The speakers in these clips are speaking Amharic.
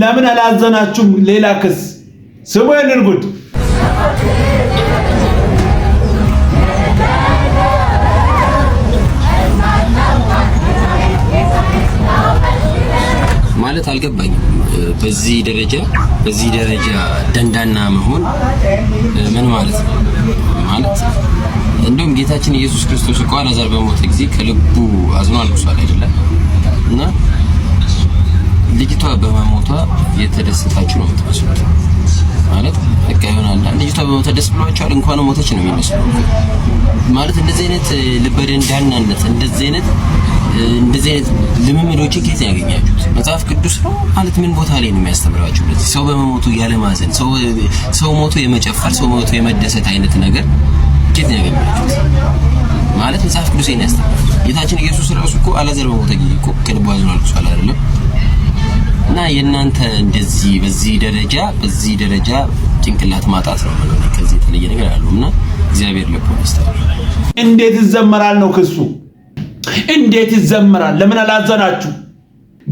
ለምን አላዘናችሁም? ሌላ ክስ ስሙ ይህንን ማለት አልገባኝም። በዚህ ደረጃ በዚህ ደረጃ ደንዳና መሆን ምን ማለት ነው? ማለት እንደውም ጌታችን ኢየሱስ ክርስቶስ እኮ አልዓዛር በሞተ ጊዜ ከልቡ አዝኖ አልቅሷል አይደለም እና ልጅቷ በመሞቷ የተደሰታችሁ ነው የምትመስሉት። ማለት በቃ ይሆናል ልጅቷ በሞቷ ደስ ብሏቸዋል፣ እንኳን ሞተች ነው የሚመስለው። ማለት እንደዚህ አይነት ልበደንዳናነት እንደዚህ አይነት እንደዚህ አይነት ልምምዶችን ከየት ያገኛችሁት? መጽሐፍ ቅዱስ ነው ማለት ምን ቦታ ላይ ነው የሚያስተምራችሁ? ለዚህ ሰው በመሞቱ ያለማዘን፣ ሰው ሞቶ የመጨፈር፣ ሰው ሞቶ የመደሰት አይነት ነገር ከየት ነው ያገኛችሁት? ማለት መጽሐፍ ቅዱስ ይሄን ያስተምራል። ጌታችን ኢየሱስ ራሱ እኮ አላዘር በሞተ ጊዜ እኮ ከልቡ አዝኖ አልቅሷል አይደለም? እና የእናንተ እንደዚህ በዚህ ደረጃ በዚህ ደረጃ ጭንቅላት ማጣት ነው ማለት ከዚህ የተለየ ነገር አሉ እና እግዚአብሔር ልቦና ይስጣል። እንዴት ይዘመራል ነው ክሱ። እንዴት ይዘመራል? ለምን አላዘናችሁ?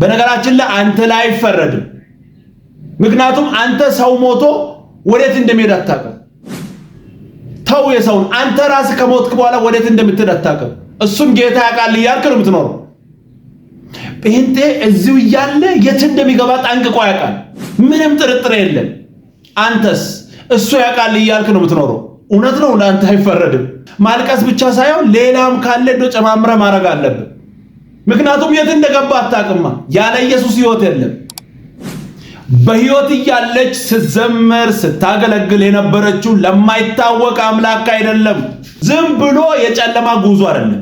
በነገራችን ላይ አንተ ላይ አይፈረድም። ምክንያቱም አንተ ሰው ሞቶ ወዴት እንደሚሄድ አታውቅም። ተው የሰውን አንተ ራስህ ከሞትክ በኋላ ወዴት እንደምትሄድ አታውቅም። እሱን ጌታ ያውቃል እያልክ ነው የምትኖረው። ጴንጤ እዚሁ እያለ የት እንደሚገባ ጠንቅቆ ያውቃል። ምንም ጥርጥር የለም። አንተስ እሱ ያውቃል እያልክ ነው የምትኖረው። እውነት ነው፣ ለአንተ አይፈረድም። ማልቀስ ብቻ ሳይሆን ሌላም ካለ እንደ ጨማምረ ማድረግ አለብን። ምክንያቱም የት እንደገባ አታውቅማ። ያለ ኢየሱስ ህይወት የለም። በህይወት እያለች ስትዘምር ስታገለግል የነበረችው ለማይታወቅ አምላክ አይደለም። ዝም ብሎ የጨለማ ጉዞ አይደለም።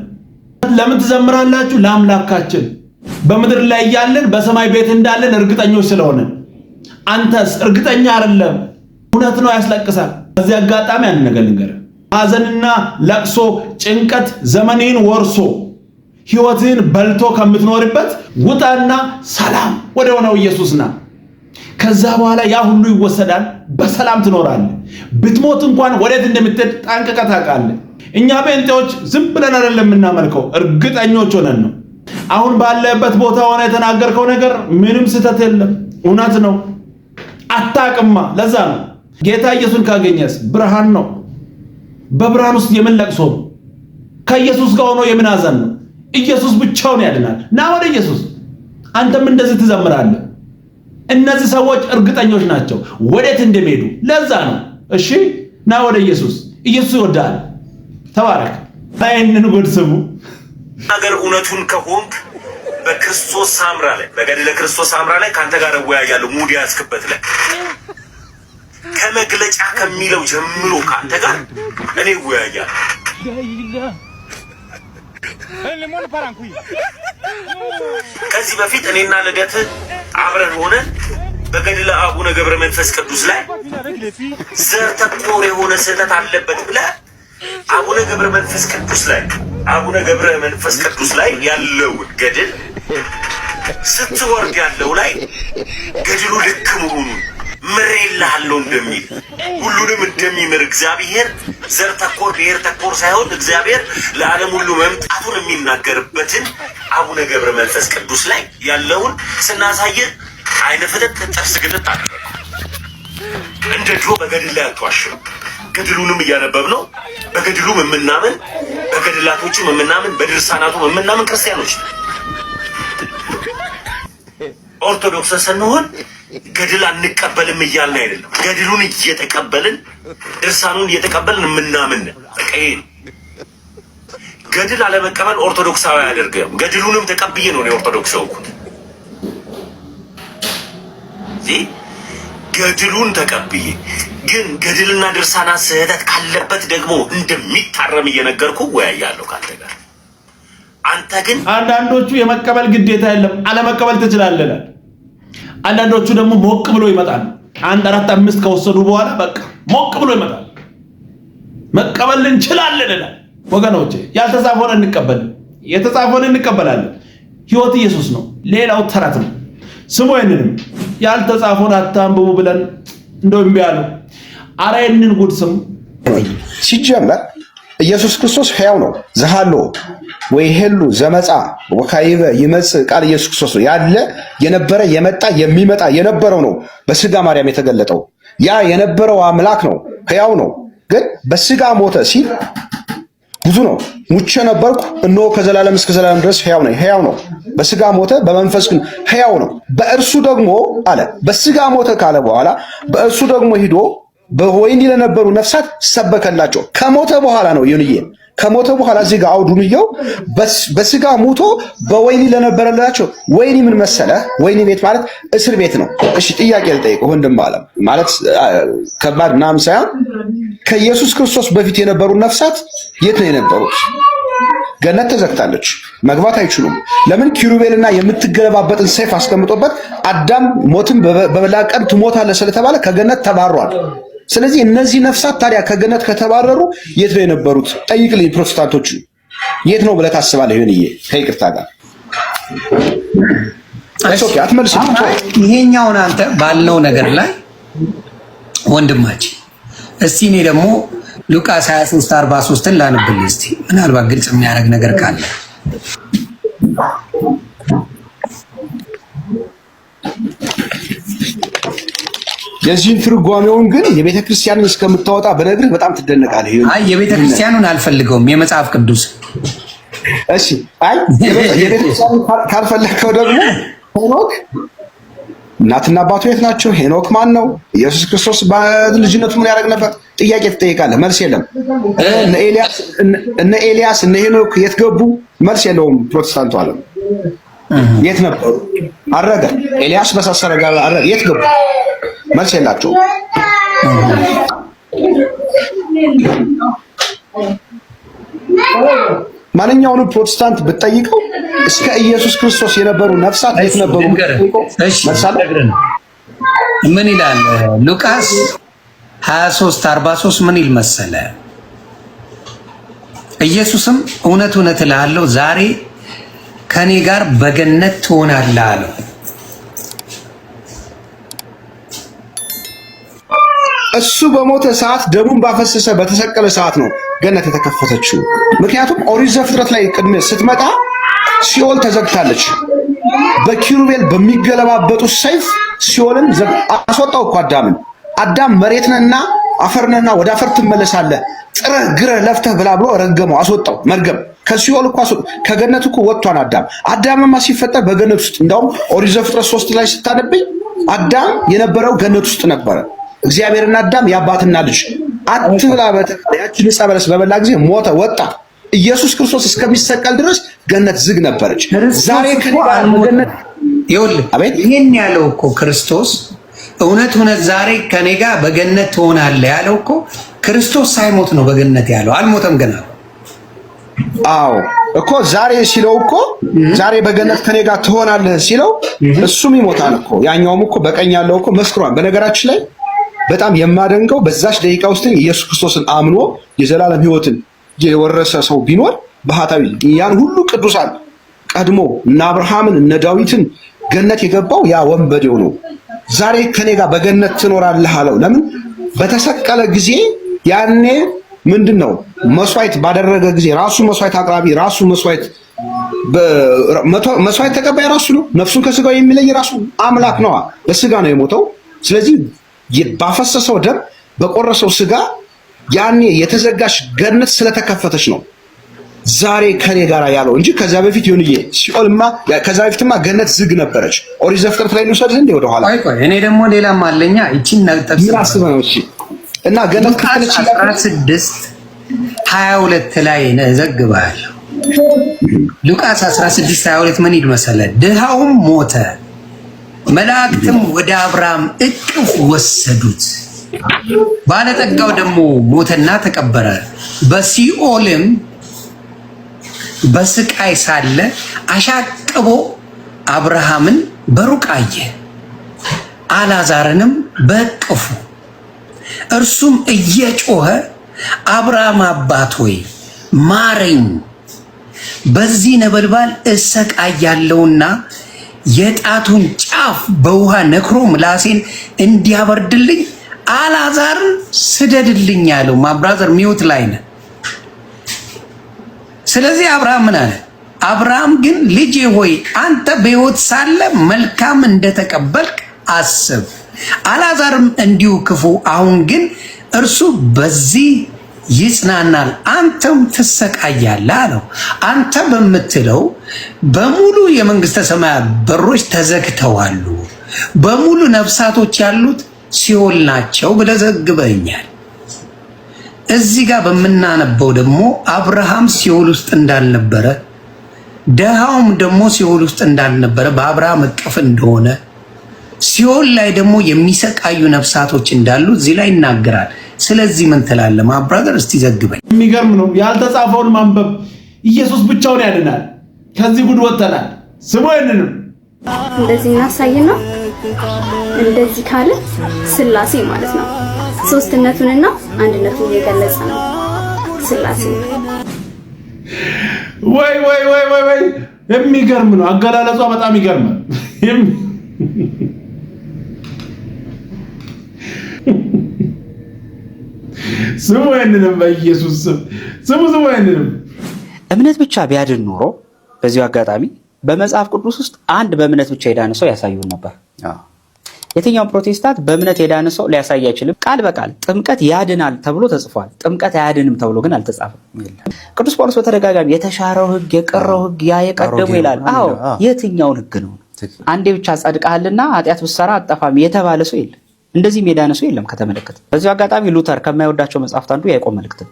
ለምን ትዘምራላችሁ? ለአምላካችን በምድር ላይ እያለን በሰማይ ቤት እንዳለን እርግጠኞች ስለሆነ አንተስ እርግጠኛ አይደለም። እውነት ነው፣ ያስለቅሳል። በዚህ አጋጣሚ አንድ ነገር ልንገር፣ ሐዘንና ለቅሶ፣ ጭንቀት ዘመንህን ወርሶ ህይወትህን በልቶ ከምትኖርበት ውጣና ሰላም ወደ ሆነው ኢየሱስ ና። ከዛ በኋላ ያ ሁሉ ይወሰዳል፣ በሰላም ትኖራለህ። ብትሞት እንኳን ወዴት እንደምትሄድ ጠንቅቀህ ታውቃለህ። እኛ ጴንጤዎች ዝም ብለን አይደለም የምናመልከው፣ እርግጠኞች ሆነን ነው። አሁን ባለበት ቦታ ሆነ የተናገርከው ነገር ምንም ስህተት የለም፣ እውነት ነው። አታቅማ። ለዛ ነው ጌታ ኢየሱስን ካገኘስ ብርሃን ነው። በብርሃን ውስጥ የምን ለቅሶ ነው? ከኢየሱስ ጋር ሆኖ የምን አዘን ነው? ኢየሱስ ብቻውን ያድናል። ና ወደ ኢየሱስ። አንተም እንደዚህ ትዘምራለህ። እነዚህ ሰዎች እርግጠኞች ናቸው ወዴት እንደሚሄዱ። ለዛ ነው እሺ፣ ና ወደ ኢየሱስ። ኢየሱስ ይወዳል። ተባረክ። ይህንን ጉድ ስሙ። ነገር እውነቱን ከሆንክ በክርስቶስ ሳምራ ላይ በገድለ ክርስቶስ ሳምራ ላይ ከአንተ ጋር እወያያለሁ። ሙድ ያዝክበት ላይ ከመግለጫ ከሚለው ጀምሮ ከአንተ ጋር እኔ እወያያለሁ። ከዚህ በፊት እኔና ልደት አብረን ሆነ በገድለ አቡነ ገብረ መንፈስ ቅዱስ ላይ ዘር ተኮር የሆነ ስህተት አለበት ብለህ አቡነ ገብረ መንፈስ ቅዱስ ላይ አቡነ ገብረ መንፈስ ቅዱስ ላይ ያለውን ገድል ስትወርድ ያለው ላይ ገድሉ ልክ መሆኑን ምሬልሃለሁ እንደሚል ሁሉንም እንደሚምር እግዚአብሔር ዘር ተኮር ብሔር ተኮር ሳይሆን እግዚአብሔር ለዓለም ሁሉ መምጣቱን የሚናገርበትን አቡነ ገብረ መንፈስ ቅዱስ ላይ ያለውን ስናሳየ አይነ ፍጥጥ ጥርስ ግልጥ አደረገ። እንደ ድሮ በገድል ላይ አትዋሽም። ገድሉንም እያነበብ ነው። በገድሉም የምናምን በገድላቶቹ ምናምን በድርሳናቱ ምናምን ክርስቲያኖች ኦርቶዶክስ ስንሆን ገድል አንቀበልም እያልን አይደለም። ገድሉን እየተቀበልን ድርሳኑን እየተቀበልን ምናምን በቃ ገድል አለመቀበል ኦርቶዶክሳዊ አያደርግም። ገድሉንም ተቀብዬ ነው ኦርቶዶክስ ሰውኩት። ገድሉን ተቀብዬ ግን ገድልና ድርሳና ስህተት ካለበት ደግሞ እንደሚታረም እየነገርኩ እወያያለሁ ካንተ ጋር። አንተ ግን አንዳንዶቹ የመቀበል ግዴታ የለም አለመቀበል ትችላለህ። አንዳንዶቹ ደግሞ ሞቅ ብሎ ይመጣል። አንድ አራት አምስት ከወሰዱ በኋላ በቃ ሞቅ ብሎ ይመጣል። መቀበል እንችላለን ወገኖች፣ ያልተጻፈውን እንቀበል፣ የተጻፈውን እንቀበላለን። ህይወት ኢየሱስ ነው፣ ሌላው ተረት ነው። ስሙ ይንንም ያልተጻፈውን አታንብቡ ብለን እንደው እምቢ አረ ይህንን ጉድ ስሙ። ሲጀመር ኢየሱስ ክርስቶስ ሕያው ነው። ዘሃሎ ወይ ሄሉ ዘመጻ ወካይበ ይመጽ ቃል ኢየሱስ ክርስቶስ ነው ያለ የነበረ የመጣ የሚመጣ የነበረው ነው። በስጋ ማርያም የተገለጠው ያ የነበረው አምላክ ነው። ሕያው ነው። ግን በስጋ ሞተ ሲል ብዙ ነው። ሙቼ ነበርኩ እነሆ ከዘላለም እስከ ዘላለም ድረስ ሕያው ነኝ። ሕያው ነው። በስጋ ሞተ፣ በመንፈስ ግን ሕያው ነው። በእርሱ ደግሞ አለ በስጋ ሞተ ካለ በኋላ በእርሱ ደግሞ ሂዶ በወይኒ ለነበሩ ነፍሳት ሰበከላቸው። ከሞተ በኋላ ነው ይሁንዬ ከሞተ በኋላ እዚህ ጋር አውዱንየው በስጋ ሙቶ በወይኒ ለነበረላቸው ወይኒ ምን መሰለ፣ ወይኒ ቤት ማለት እስር ቤት ነው። እሺ ጥያቄ ልጠይቅ ወንድም ዓለም ማለት ከባድ ናም ሳይሆን ከኢየሱስ ክርስቶስ በፊት የነበሩ ነፍሳት የት ነው የነበሩት? ገነት ተዘግታለች፣ መግባት አይችሉም። ለምን? ኪሩቤልና የምትገለባበጥን ሰይፍ አስቀምጦበት አዳም ሞትን በበላ ቀን ትሞታለህ ስለተባለ ከገነት ተባሯል። ስለዚህ እነዚህ ነፍሳት ታዲያ ከገነት ከተባረሩ የት ነው የነበሩት? ጠይቅልኝ ፕሮቴስታንቶቹ የት ነው ብለህ ታስባለህ? ይሁንዬ ከይቅርታ ጋር ይሄኛውን አንተ ባለው ነገር ላይ ወንድማችን እስቲ እኔ ደግሞ ሉቃስ 23 43ን ላንብልህ እስቲ ምናልባት ግልጽ የሚያደርግ ነገር ካለ የዚህን ትርጓሜውን ግን የቤተ ክርስቲያንን እስከምታወጣ በነግርህ በጣም ትደነቃለህ። አይ የቤተ ክርስቲያኑን አልፈልገውም፣ የመጽሐፍ ቅዱስ እሺ። አይ የቤተ ክርስቲያኑን ካልፈለግከው ደግሞ ሄኖክ እናትና አባቱ የት ናቸው? ሄኖክ ማን ነው? ኢየሱስ ክርስቶስ በልጅነቱ ምን ያደርግ ነበር? ጥያቄ ትጠይቃለህ፣ መልስ የለም። እነ ኤልያስ እነ ሄኖክ የት ገቡ? መልስ የለውም። ፕሮቴስታንቱ አለም የት ነበሩ? አረገ ኤልያስ በሳሰረ ጋር አረገ። የት ገቡ? መልስ የላቸውም። ማንኛውንም ፕሮቴስታንት ብትጠይቀው እስከ ኢየሱስ ክርስቶስ የነበሩ ነፍሳት የት ነበሩ? ምን ይላል ሉቃስ 23 43 ምን ይል መሰለ? ኢየሱስም እውነት እውነት እልሃለሁ ዛሬ ከእኔ ጋር በገነት ትሆናለህ አለው። እሱ በሞተ ሰዓት ደሙን ባፈሰሰ በተሰቀለ ሰዓት ነው ገነት የተከፈተችው። ምክንያቱም ኦሪት ዘፍጥረት ላይ ቅድመ ስትመጣ ሲኦል ተዘግታለች። በኪሩቤል በሚገለባበጡ ሰይፍ ሲኦልን አስወጣው እኮ አዳምን። አዳም መሬት አፈር አፈርንና ወደ አፈር ትመለሳለህ ጥረህ ግረህ ለፍተህ ብላ ብሎ ረገመው፣ አስወጣው። መርገም ከሲኦል እኮ ከገነት እኮ ወጥቷን አዳም። አዳምማ ሲፈጠር በገነት ውስጥ እንዳውም ኦሪት ዘፍጥረት ሶስት ላይ ስታነብኝ አዳም የነበረው ገነት ውስጥ ነበረ። እግዚአብሔርና አዳም የአባትና ልጅ አትብላ በተባለ ያችን ዕፀ በለስ በበላ ጊዜ ሞተ ወጣ። ኢየሱስ ክርስቶስ እስከሚሰቀል ድረስ ገነት ዝግ ነበረች። ዛሬ ይህን ያለው እኮ ክርስቶስ እውነት እውነት ዛሬ ከኔ ጋር በገነት ትሆናለህ ያለው እኮ ክርስቶስ ሳይሞት ነው በገነት ያለው። አልሞተም ገና። አዎ እኮ ዛሬ ሲለው እኮ ዛሬ በገነት ከኔ ጋር ትሆናለህ ሲለው እሱም ይሞታል እኮ ያኛውም እኮ በቀኝ ያለው እኮ መስክሯል። በነገራችን ላይ በጣም የማደንቀው በዛች ደቂቃ ውስጥ ኢየሱስ ክርስቶስን አምኖ የዘላለም ህይወትን የወረሰ ሰው ቢኖር ባህታዊ ያን ሁሉ ቅዱሳን ቀድሞ እነ አብርሃምን እነ ዳዊትን ገነት የገባው ያ ወንበዴው ነው። ዛሬ ከኔ ጋር በገነት ትኖራለህ አለው። ለምን በተሰቀለ ጊዜ ያኔ ምንድን ነው መስዋዕት ባደረገ ጊዜ ራሱ መስዋዕት አቅራቢ ራሱ መስዋዕት መስዋዕት ተቀባይ ራሱ ነው። ነፍሱን ከስጋው የሚለይ ራሱ አምላክ ነዋ። በስጋ ነው የሞተው። ስለዚህ ባፈሰሰው ደም በቆረሰው ስጋ ያኔ የተዘጋሽ ገነት ስለተከፈተች ነው ዛሬ ከኔ ጋር ያለው እንጂ ከዛ በፊት ይሁንዬ ሲኦልማ ከዛ በፊትማ ገነት ዝግ ነበረች። ኦሪት ዘፍጥረት ላይ ንውሰድ እንዴ ወደ ኋላ። እኔ ደግሞ ሌላም አለኛ እቺን ነጥብ አስበ ነው እሺ። እና ገነት ከተለች 16 22 ላይ ዘግባለሁ። ሉቃስ 16 22 ምን ይል ድሃውም ሞተ መላእክትም ወደ አብርሃም እቅፍ ወሰዱት። ባለጠጋው ደግሞ ሞተና ተቀበረ። በሲኦልም በስቃይ ሳለ አሻቅቦ አብርሃምን በሩቅ አየ፣ አላዛርንም በእቅፉ እርሱም እየጮኸ አብርሃም አባት ሆይ ማረኝ፣ በዚህ ነበልባል እሰቃያለሁና የጣቱን ጫፍ በውሃ ነክሮ ምላሴን እንዲያበርድልኝ አላዛር ስደድልኝ አለው። ማብራዘር ሚውት ላይ ነ ስለዚህ አብርሃም ምን አለ? አብርሃም ግን ልጄ ሆይ አንተ በሕይወት ሳለ መልካም እንደተቀበልክ አስብ፣ አላዛርም እንዲሁ ክፉ። አሁን ግን እርሱ በዚህ ይጽናናል፣ አንተም ትሰቃያለ አለው። አንተ በምትለው በሙሉ የመንግስተ ሰማያት በሮች ተዘግተዋሉ፣ በሙሉ ነፍሳቶች ያሉት ሲኦል ናቸው ብለህ ዘግበኛል። እዚህ ጋር በምናነበው ደግሞ አብርሃም ሲኦል ውስጥ እንዳልነበረ ደሃውም ደግሞ ሲኦል ውስጥ እንዳልነበረ በአብርሃም እቅፍ እንደሆነ ሲኦል ላይ ደግሞ የሚሰቃዩ ነፍሳቶች እንዳሉ እዚህ ላይ ይናገራል። ስለዚህ ምን ትላለህ ማብራዘር? እስቲ ዘግበኝ። የሚገርም ነው ያልተጻፈውን ማንበብ። ኢየሱስ ብቻውን ያድናል። ከዚህ ጉድ ወጥተናል። ስሙ ይንንም እንደዚህ ነው። እንደዚህ ካለ ስላሴ ማለት ነው። ሶስትነቱንና አንድነቱን እየገለጸ ነው ስላሴ። ወይ ወይ ወይ ወይ ወይ የሚገርም ነው አገላለጿ፣ በጣም ይገርማል። ስሙ ያንንም በኢየሱስ ስም ስሙ ስሙ ያንንም እምነት ብቻ ቢያድን ኖሮ በዚሁ አጋጣሚ በመጽሐፍ ቅዱስ ውስጥ አንድ በእምነት ብቻ የዳነ ሰው ያሳዩን ነበር። የትኛውም ፕሮቴስታንት በእምነት የዳነ ሰው ሊያሳይ አይችልም። ቃል በቃል ጥምቀት ያድናል ተብሎ ተጽፏል። ጥምቀት አያድንም ተብሎ ግን አልተጻፈም። ቅዱስ ጳውሎስ በተደጋጋሚ የተሻረው ሕግ የቀረው ሕግ ያ የቀደሙ ይላል። አዎ የትኛውን ሕግ ነው? አንዴ ብቻ ጸድቃልና ኃጢአት ብሰራ አጠፋም የተባለ ሰው የለም። እንደዚህ ሜዳ ሰው የለም ከተመለከተ። በዚ አጋጣሚ ሉተር ከማይወዳቸው መጽሐፍት አንዱ የያዕቆብ መልእክት ነው።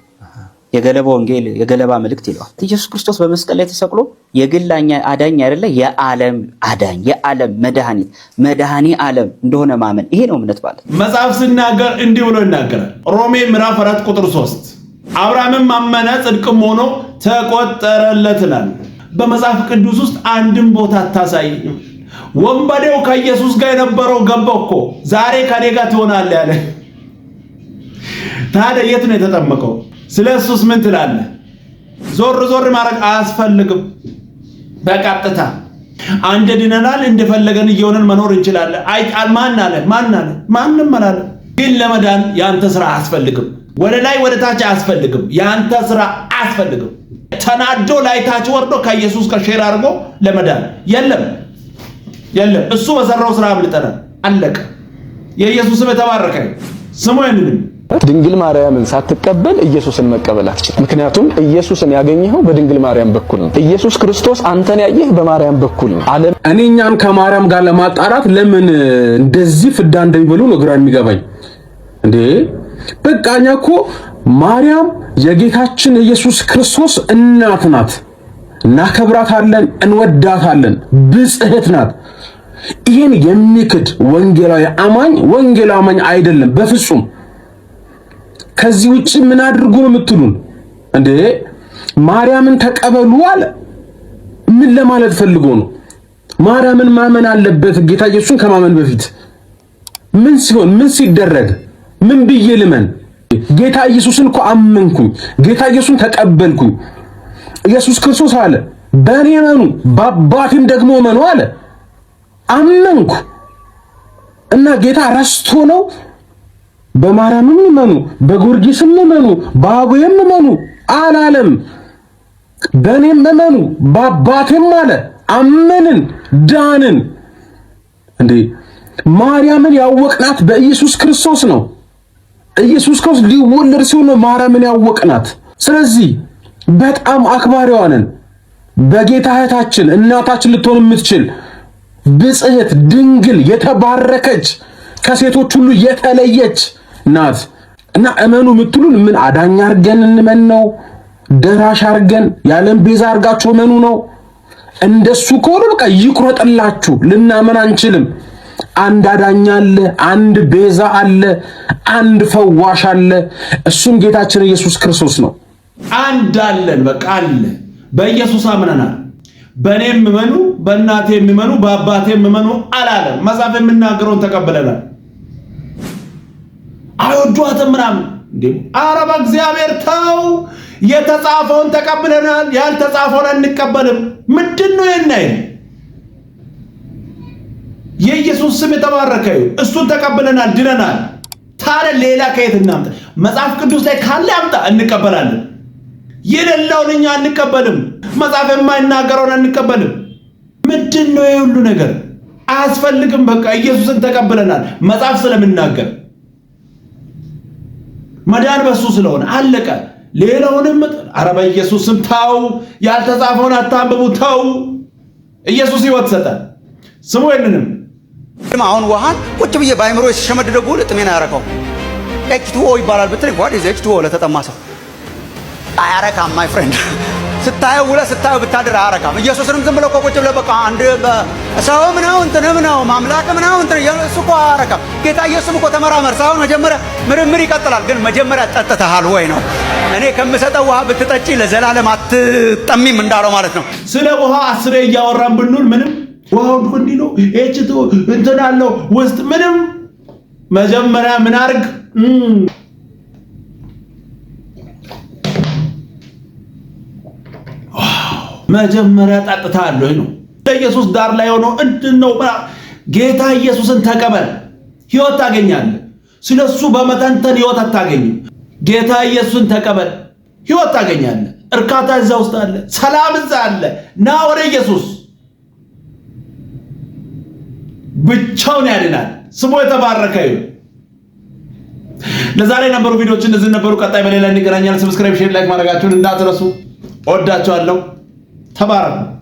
የገለባ ወንጌል የገለባ መልእክት ይለዋል። ኢየሱስ ክርስቶስ በመስቀል ላይ ተሰቅሎ የግላኛ አዳኝ አይደለ የዓለም አዳኝ የዓለም መድኃኒት መድኃኔ ዓለም እንደሆነ ማመን ይሄ ነው እምነት ማለት። መጽሐፍ ሲናገር እንዲህ ብሎ ይናገራል። ሮሜ ምዕራፍ አራት ቁጥር ሶስት አብርሃምን ማመነ ጽድቅም ሆኖ ተቆጠረለትናል። በመጽሐፍ ቅዱስ ውስጥ አንድም ቦታ አታሳይ ወንበዴው ከኢየሱስ ጋር የነበረው ገባ እኮ ዛሬ ከኔ ጋር ትሆናለህ ያለ። ታዲያ የት ነው የተጠመቀው? ስለ እሱስ ምን ትላለህ? ዞር ዞር ማድረግ አያስፈልግም። በቀጥታ አንድ ድነናል። እንደፈለገን እየሆነን መኖር እንችላለን። አይጣል ማን አለ ማን አለ ማንም አላለ። ግን ለመዳን ያንተ ስራ አያስፈልግም። ወደ ላይ ወደ ታች አያስፈልግም። ያንተ ስራ አያስፈልግም። ተናዶ ላይ ታች ወርዶ ከኢየሱስ ጋር ሼር አድርጎ ለመዳን የለም። የለም እሱ በሰራው ስራ አብልጠናል። አለቀ። የኢየሱስ የተባረከ ስሙ ይንንም ድንግል ማርያምን ሳትቀበል ኢየሱስን መቀበል አትችል። ምክንያቱም ኢየሱስን ያገኘኸው በድንግል ማርያም በኩል ነው። ኢየሱስ ክርስቶስ አንተን ያየህ በማርያም በኩል ነው። ዓለም እኔ እኛን ከማርያም ጋር ለማጣራት ለምን እንደዚህ ፍዳ እንደሚበሉ ነው ግራ የሚገባኝ። እንዴ በቃ እኛ እኮ ማርያም የጌታችን ኢየሱስ ክርስቶስ እናት ናት። እናከብራታለን፣ እንወዳታለን። ብጽህት ናት። ይህን የሚክድ ወንጌላዊ አማኝ ወንጌላዊ አማኝ አይደለም በፍጹም። ከዚህ ውጭ ምን አድርጎ ነው የምትሉን እንዴ? ማርያምን ተቀበሉ አለ። ምን ለማለት ፈልጎ ነው? ማርያምን ማመን አለበት ጌታ ኢየሱስን ከማመን በፊት ምን ሲሆን ምን ሲደረግ ምን ብዬ ልመን? ጌታ ኢየሱስን እኮ አመንኩኝ፣ ጌታ ኢየሱስን ተቀበልኩኝ። ኢየሱስ ክርስቶስ አለ በእኔ መኑ በአባቴም ደግሞ መኑ አለ። አመንኩ እና ጌታ ረስቶ ነው። በማርያምም እመኑ፣ በጊዮርጊስም እመኑ፣ በአቡዬም እመኑ አላለም። በእኔም እመኑ በአባቴም አለ። አመንን፣ ዳንን። እንዴ ማርያምን ያወቅናት በኢየሱስ ክርስቶስ ነው። ኢየሱስ ክርስቶስ ሊወለድ ሲሆን ማርያምን ያወቅናት። ስለዚህ በጣም አክባሪዋ ነን። በጌታ እህታችን እናታችን ልትሆን የምትችል ብጽሕት ድንግል የተባረከች ከሴቶች ሁሉ የተለየች ናት እና እመኑ የምትሉን ምን አዳኝ አርገን እንመን ነው? ደራሽ አርገን የዓለም ቤዛ አርጋችሁ እመኑ ነው? እንደሱ ከሆነ በቃ ይቁረጥላችሁ፣ ልናመን አንችልም። አንድ አዳኝ አለ፣ አንድ ቤዛ አለ፣ አንድ ፈዋሽ አለ። እሱም ጌታችን ኢየሱስ ክርስቶስ ነው። አንድ አለን፣ በቃ አለ። በኢየሱስ አምነናል። በእኔ የምመኑ በእናቴ የምመኑ በአባቴ የምመኑ አላለም። መጽሐፍ የምናገረውን ተቀብለናል። አይወዷትም ምናምን እንዴ! አረብ እግዚአብሔር ተው። የተጻፈውን ተቀብለናል፣ ያልተጻፈውን አንቀበልም። ምንድን ነው የናይ የኢየሱስ ስም የተባረከ ይሁን። እሱን ተቀብለናል፣ ድነናል። ታዲያ ሌላ ከየት እናምጣ? መጽሐፍ ቅዱስ ላይ ካለ አምጣ፣ እንቀበላለን። የሌላውን እኛ አንቀበልም። መጽሐፍ የማይናገረውን አንቀበልም። ምንድን ነው የሁሉ ነገር? አያስፈልግም። በቃ ኢየሱስን ተቀብለናል። መጽሐፍ ስለምናገር መዳን በሱ ስለሆነ አለቀ። ሌላውንም ኧረ በኢየሱስም ተው፣ ያልተጻፈውን አታንብቡ፣ ተው። ኢየሱስ ህይወት ሰጠ። ስሙ የለንም አሁን ውሃን ቁጭ ብዬ በአይምሮ የተሸመደደ ጉል ጥሜን አያረካው ኤች ቱ ኦ ይባላል ብትል ዋት ኢዝ ኤች ቱ ኦ ለተጠማ ሰው አያረካም ማይ ፍሬንድ ስታየው ውለህ ስታየው ብታድር አያረካም። ኢየሱስንም ዝም ብለው እኮ ቁጭ ብለው በቃ አንድ ሰው ምናው እንትንም ነው ማምላክ ምናው እንትን እሱ እኮ አያረካም። ጌታ ኢየሱስም እኮ ተመራመር ሳይሆን መጀመሪያ ምርምር ይቀጥላል። ግን መጀመሪያ ጠጥተሃል ወይ ነው። እኔ ከምሰጠው ውሃ ብትጠጪ ለዘላለም አትጠሚም እንዳለው ማለት ነው። ስለ ውሃ አስሬ እያወራን ብንል ምንም ውሃውን እንዲህ ነው ኤችቱ እንትን አለው ውስጥ ምንም መጀመሪያ ምን አርግ መጀመሪያ ጠጥታለህ ነው። ኢየሱስ ዳር ላይ ሆኖ እንድነው ጌታ ኢየሱስን ተቀበል፣ ህይወት ታገኛለህ። ስለሱ በመተንተን ህይወት አታገኝም። ጌታ ኢየሱስን ተቀበል፣ ህይወት ታገኛለህ። እርካታ እዛ ውስጥ አለ፣ ሰላም እዛ አለ። ና ወደ ኢየሱስ። ብቻውን ያድናል። ስሙ የተባረከ ይሁን። ለዛሬ የነበሩ ቪዲዮዎች እነዚህ ነበሩ። ቀጣይ በሌላ እንገናኛለን። ሰብስክራይብ፣ ሼር፣ ላይክ ማድረጋችሁን እንዳትረሱ። ወዳችኋለሁ። 他把。